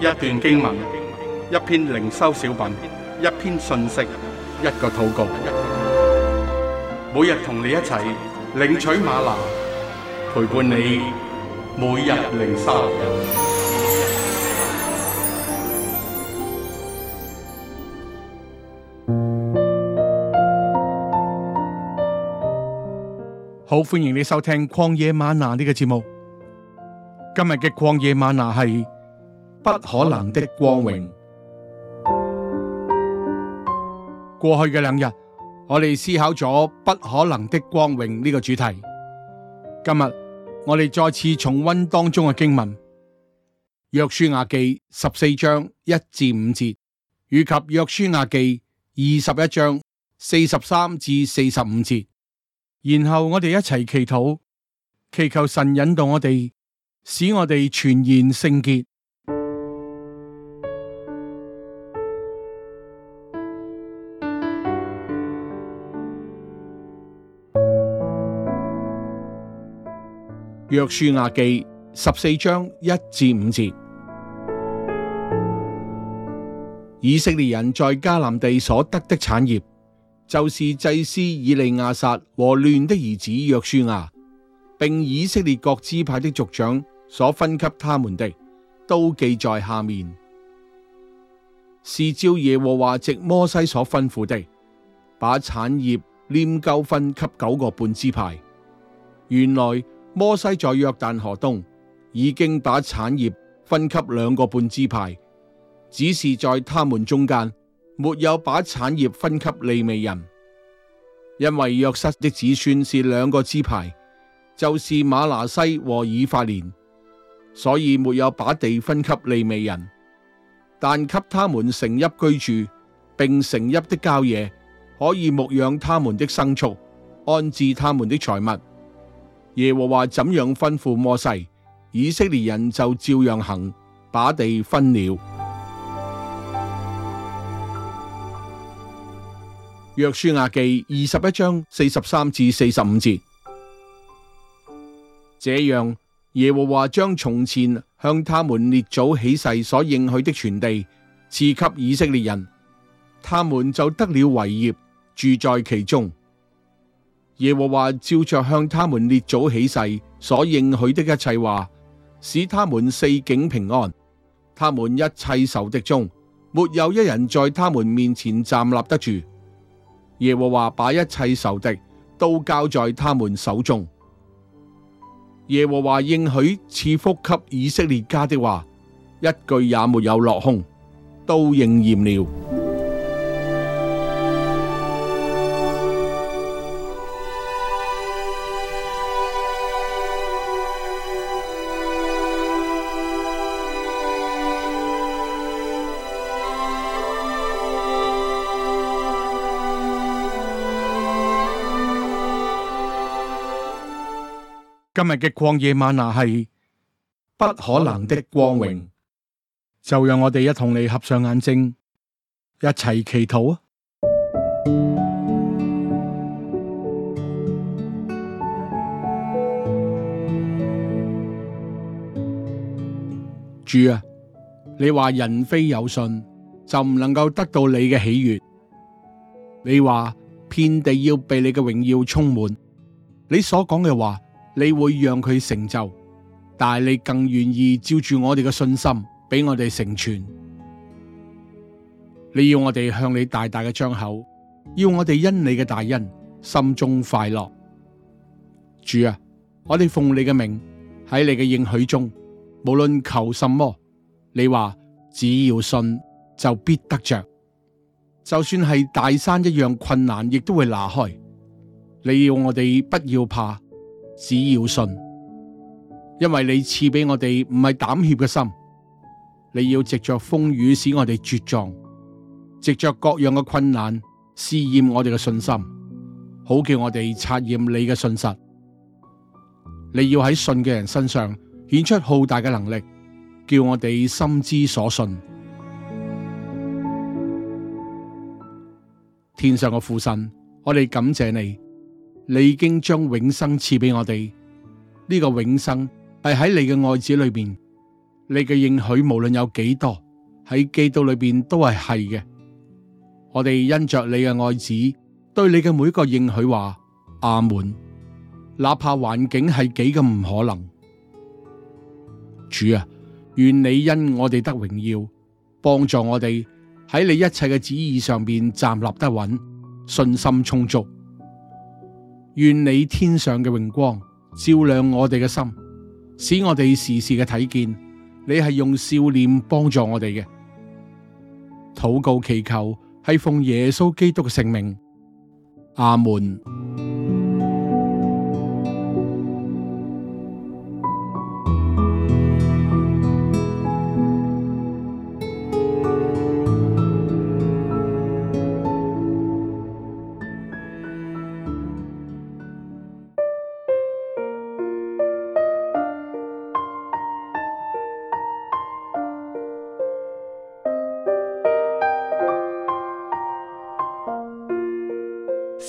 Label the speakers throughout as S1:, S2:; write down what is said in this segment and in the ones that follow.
S1: 一段經文，一篇靈修小品，一篇信息，一個禱告。每日同你一齊領取嗎哪，陪伴你每日靈修。好，歡迎你收聽曠野嗎哪呢個節目。今日嘅曠野嗎哪係，不可能的光榮。過去嘅兩日，我哋思考咗不可能的光榮呢個主題。今日我哋再次重溫當中嘅經文，《約書亞記》十四章一至五節，以及《約書亞記》二十一章四十三至四十五節。然後我哋一齊祈禱，祈求神引導我哋，使我哋全然聖潔。約書亞記十四章一至五節，以色列人在迦南地所得的產業，就是祭司以利亞撒和亂的兒子約書亞，並以色列各支派的族長所分給他們的，都記在下面。是照耶和華藉摩西所吩咐的，把產業拈鬮分給九個半支派。原來。摩西在約旦河東已經把產業分給兩個半支派，只是在他們中間沒有把產業分給利未人，因為約瑟的子孫是兩個支派，就是馬拿西和以法蓮，所以沒有把地分給利未人，但給他們城邑居住，並城邑的郊野，可以牧養他們的牲畜，安置他們的財物。耶和華怎樣吩咐摩西，以色列人就照樣行，把地分了。約書亞記二十一章四十三至四十五節，這樣耶和華將從前向他們列祖起誓所應許的全地賜給以色列人，他們就得了為業，住在其中。耶和華照着向他們列祖起誓所應許的一切話，使他們四境平安。他們一切仇敵中，沒有一人在他們面前站立得住。耶和華把一切仇敵都交在他們手中。耶和華應許賜福給以色列家的話，一句也沒有落空，都應驗了。今日嘅曠野嗎哪係不可能的光榮， 就讓我哋一同你合上眼睛，一齊祈禱啊！ 主啊，你話人非有信就唔能夠得到你嘅喜悅，你話遍地要被你嘅榮耀充滿，你所講嘅話。你會讓佢成就，但係你更願意照住我哋嘅信心俾我哋成全。你要我哋向你大大嘅張口，要我哋因你嘅大恩心中快樂。主啊，我哋奉你嘅名，喺你嘅應許中，無論求什麼，你話只要信就必得着。就算係大山一樣困難，亦都會拿開。你要我哋不要怕。只要信，因為你賜俾我哋唔係膽怯嘅心，你要藉着風雨使我哋茁壯，藉着各樣嘅困難試驗我哋嘅信心，好叫我哋察驗你嘅信實。你要喺信嘅人身上顯出浩大嘅能力，叫我哋深知所信。天上嘅父神，我哋感謝你。你已經將永生賜俾我哋，呢個永生係喺你嘅愛子裏邊，你嘅應許無論有幾多，喺基督裏邊都係係嘅。我哋因着你嘅愛子，對你嘅每一個應許話阿門。哪怕環境係幾咁唔可能，主啊，願你因我哋得榮耀，幫助我哋喺你一切嘅旨意上邊站立得穩，信心充足。願你天上嘅榮光照亮我哋嘅心，使我哋時時嘅睇見你係用笑臉幫助我哋嘅。禱告祈求係奉耶穌基督嘅聖名，阿門。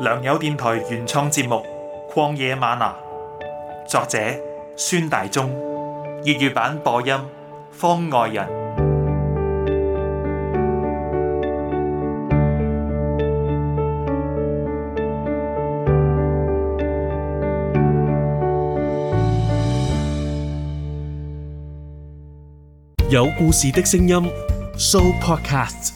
S1: 良友電台原創節目《曠野嗎哪》，作者孫大中，粵語版播音方外人，有故事的聲音 Show Podcast。